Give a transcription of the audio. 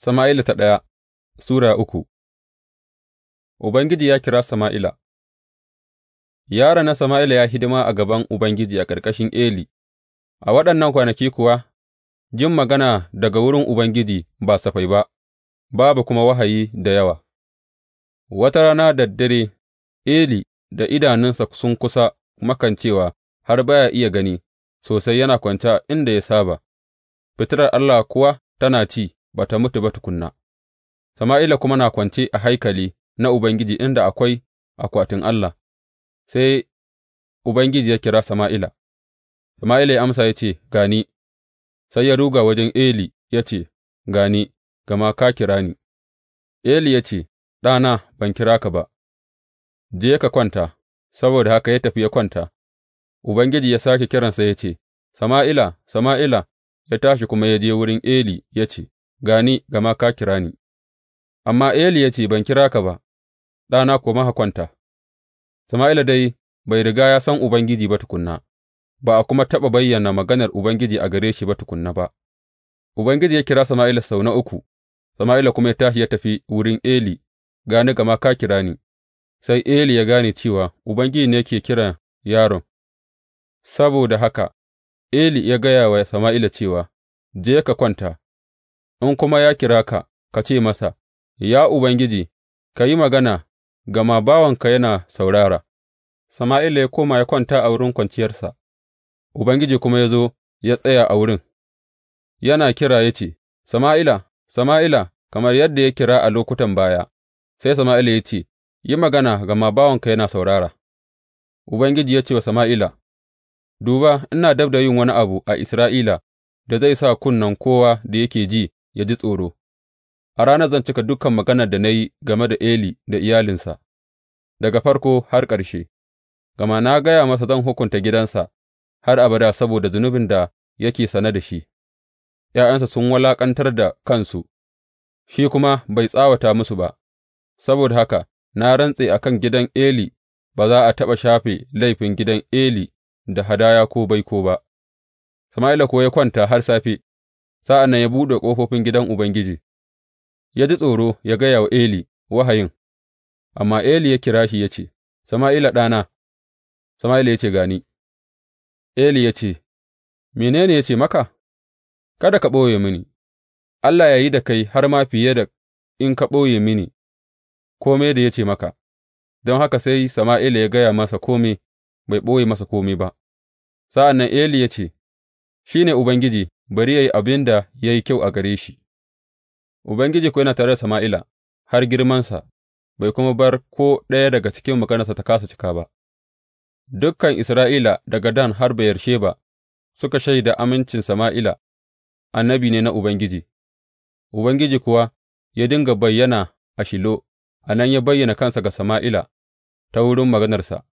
Sama'ila ta ɗaya Sura uku Ubangiji ya kira Sama'ila Yaron na Sama'ila ya hidima a gaban Ubangiji a ƙarƙashin Eli, a waɗannan kwanaki kuwa jin magana daga wurin Ubangiji ba safai ba, babu kuma wahayi da yawa. Wata rana da dare, Eli da idanunsa sun kusa makancewa har baya iya gani sosai yana kwance inda ya saba, fitilar Allah kuwa tana ci. ba ta mutu ba tukunna. Sama'ila kuma na kwance a haikali na Ubangiji inda akwai akwatin Allah, sai Ubangiji ya kira Sama'ila, Sama'ila ya amsa ya ce, gani. sai ya ruga wajen Eli ya ce, gani, gama ka kira ni. Eli ya ce, Ɗana, ban kira ka ba, je ka kwanta, saboda haka ya tafi ya kwanta, Ubangiji ya sake kiransa ya ce, Sama'ila, Sama'ila, ya tashi kuma ya je wurin Eli ya ce, Ga ni, gama ka kira ni.’ Amma Eli ya ce, Ban kira ka ba, ɗana koma ka kwanta, Sama'ila dai bai riga ya san Ubangiji ba tukuna, ba a kuma taɓa bayyana maganar Ubangiji a gare shi ba tukuna ba, Ubangiji ya kira Sama'ila sau na uku, Sama'ila kuma ya tashi ya tafi wurin Eli, gani gama ka kira ni, sai Eli ya gane cewa Ubangiji ne ke kira yaron, saboda haka Eli ya gaya wa Sama'ila cewa, Je ka kwanta, in kuma ya kira ka, ka ce masa, Ya Ubangiji, ka yi magana, gama bawanka yana saurara. Sama'ila ya koma ya kwanta a wurin kwanciyarsa, Ubangiji kuma ya zo ya tsaya a wurin, yana kira ya ce, Sama'ila, Sama'ila, kamar yadda ya kira a lokutan baya, sai Sama'ila ya ce, Yi magana, gama bawanka yana saurara. Ubangiji ya ce wa Sama'ila, Duba, ina dab da yin wani abu a Isra'ila da zai sa kunnen kowa da yake ji ya ji tsoro, a ranar zan cika dukan maganar da na yi game da Eli da iyalinsa, daga farko har ƙarshe, gama na gaya masa zan hukunta gidansa har abada saboda zunubin da yake sane da shi, ’ya'yansa sun walaƙantar da kansu, shi kuma bai tsawata musu ba, saboda haka na rantse a kan gidan Eli ba za a taɓa shafe laifin gidan Eli da hadaya ko baiko ba. Sama'ila kuwa ya kwanta har safe. Sa'an nan ya buɗe ƙofofin gidan Ubangiji, ya ji tsoro ya gaya wa Eli wahayin, amma Eli ya kira shi ya ce, Sama'ila ɗana, Sama'ila ya ce, Ga Eli ya ce, Mene ne ya ce maka? Kada ka ɓoye mini, Allah ya yi da kai har ma fiye da in ka ɓoye mini kome da ya ce maka, don haka sai Sama'ila ya gaya masa kome, bai ɓoye masa kome ba. Sa'an nan Eli ya ce, Shi ne Ubangiji bari yă yi abin da ya yi kyau a gare shi, Ubangiji kuwa yana tare da Sama'ila har girmansa, bai kuma bar ko ɗaya daga cikin maganarsa ta kasa cika ba. Dukkan Isra'ila daga Dan har Sheba suka shaida amincin Sama'ila, annabi ne na Ubangiji, Ubangiji kuwa ya dinga bayyana a Shilo, a nan ya bayyana kansa ga Sama'ila ta wurin maganarsa.